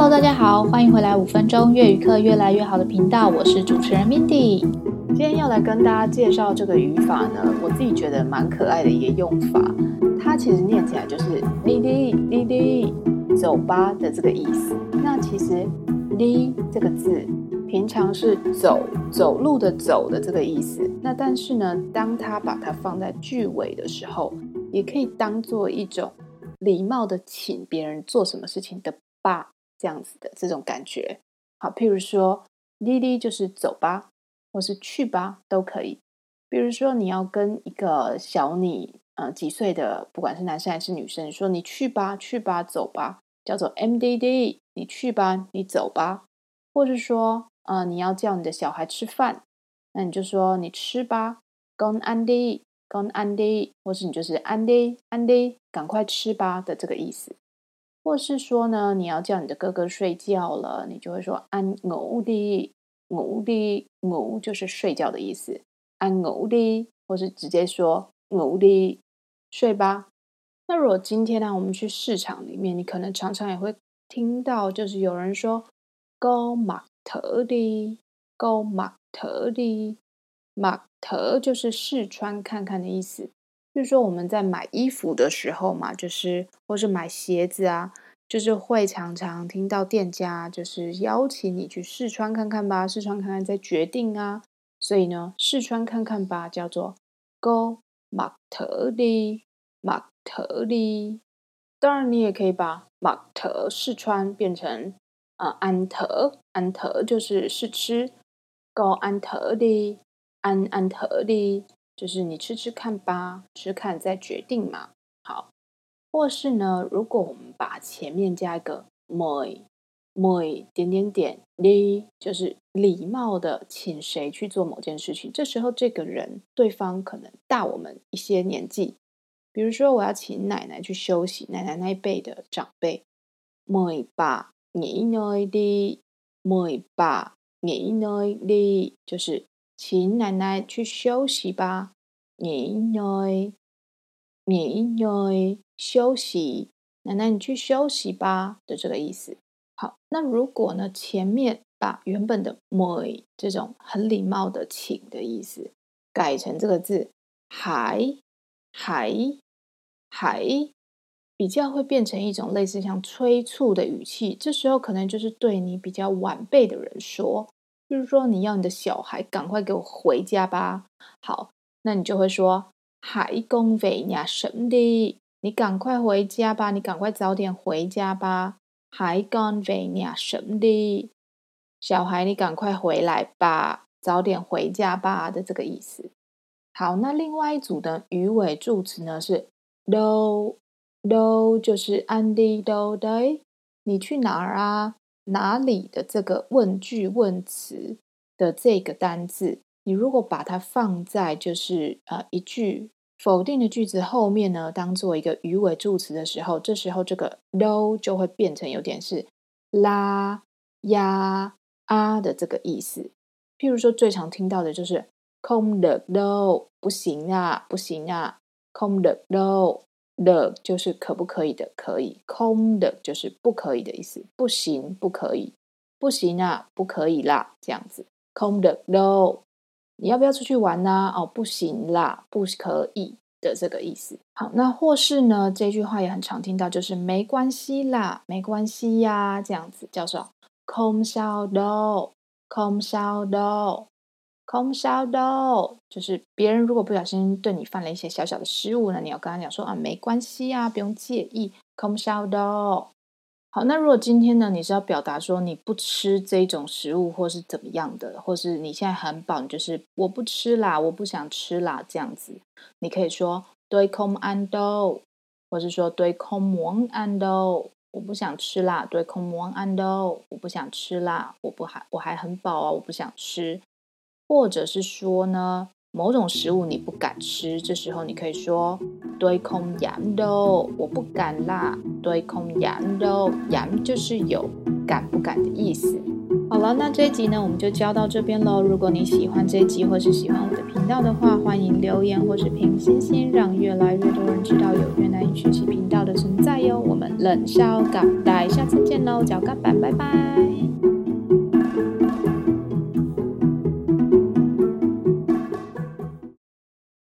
Hello，大家好，歡迎回來五分鐘越語課越來越好的頻道，我是主持人 Mindy。今天要來跟大家介紹這個語法呢，我自己覺得蠻可愛的一個用法。它其實念起來就是 “đi đi, đi đi”，走吧的這個意思。那其實 “đi” 這個字平常是走走路的“走”的這個意思。那但是呢，當它把它放在句尾的時候，也可以當做一種禮貌的請別人做什麼事情的“吧”。這樣子的這種感覺，好，譬如說 đi đi 就是走吧，或是去吧，都可以。比如說，你要跟一個小女，呃，幾歲的，不管是男生還是女生，你說你去吧，去吧，走吧，叫做 em đi đi，你去吧，你走吧，或是說，呃，你要叫你的小孩吃飯，那你就說你吃吧，con ăn đi, con ăn đi，或是你就是 ăn đi, ăn đi，趕快吃吧的這個意思。或是說呢，你要叫你的哥哥睡覺了，你就會說，安偶的，偶的，偶就是睡覺的意思，安偶的，或是直接說偶的，睡吧。那如果今天呢，我們去市場裡面，你可能常常也會聽到，就是有人說高馬特地，高馬特地，馬特就是試穿看看的意思。就是說我們在買衣服的時候嘛，就是或是買鞋子啊，就是會常常聽到店家就是邀請你去試穿看看吧，試穿看看再決定啊。所以呢，試穿看看吧，叫做 Cô mặc thử đi, mặc thử đi。當然，你也可以把 mặc 試穿變成啊，ăn, ăn 就是試吃「Cô ăn thử đi, ăn ăn thử đi。安安就是你吃吃看吧，吃看再決定嘛。好，或是呢？如果我們把前面加一個 Mời Mời 點點點 đi 就是禮貌的請誰去做某件事情。這時候這個人對方可能大我們一些年紀，比如說我要請奶奶去休息，奶奶那一輩的長輩 Mời bà nghỉ ngơi đi、Mời bà nghỉ ngơi đi 就是。請奶奶去休息吧，你應該，你應該休息。奶奶，你去休息吧的這個意思。好，那如果呢，前面把原本的 “Mời” 這種很禮貌的“請”的意思，改成這個字 “Hãy、Hãy、Hãy”，比較會變成一種類似像催促的語氣。這時候可能就是對你比較晚輩的人說。就是說，你要你的小孩趕快給我回家吧。好，那你就會說“海公偉你什麼的”，你趕快回家吧，你趕快早點回家吧，“海公偉你什麼的”，小孩你趕快回來吧，早點回家吧的這個意思。好，那另外一組的語尾助詞呢是都，都就是 “andi do day”，你去哪兒啊？哪裡的這個問句問詞的這個單字，你如果把它放在就是呃一句否定的句子後面呢，當做一個魚尾助詞的時候，這時候這個 no 就會變成有點是拉呀啊的這個意思。譬如說最常聽到的就是空的 m 不行啊不行啊空的 m 的，就是可不可以的，可以；空的，就是不可以的意思，不行，不可以，不行啊，不可以啦，這樣子。空的都，你要不要出去玩呢、啊？哦，不行啦，不可以的這個意思。好，那或是呢，這句話也很常聽到，就是沒關係啦，沒關係呀、啊，這樣子叫做空少都，空少都。空燒豆，就是別人如果不小心對你犯了一些小小的失誤呢，你要跟他講說啊，沒關係啊，不用介意。空燒豆。好，那如果今天呢，你是要表達說你不吃這種食物，或是怎麼樣的，或是你現在很飽，你就是我不吃啦，我不想吃啦，這樣子，你可以說對空安豆，或是說對空蒙安豆，我不想吃啦，對空蒙安豆，我不想吃啦，我不還我還很飽啊，我不想吃。或者是說呢，某種食物你不敢吃，這時候你可以說 Tôi không dám đâu，我不敢啦。Tôi không dám đâu，dám 就是有敢不敢的意思。好了，那這一集呢，我們就教到這邊嘍。如果你喜歡這一集，或是喜歡我的頻道的話，歡迎留言或是評星星，讓越來越多人知道有越南語學習頻道的存在喲。我們冷笑感，港，大家下次見嘍，腳乾板，拜拜。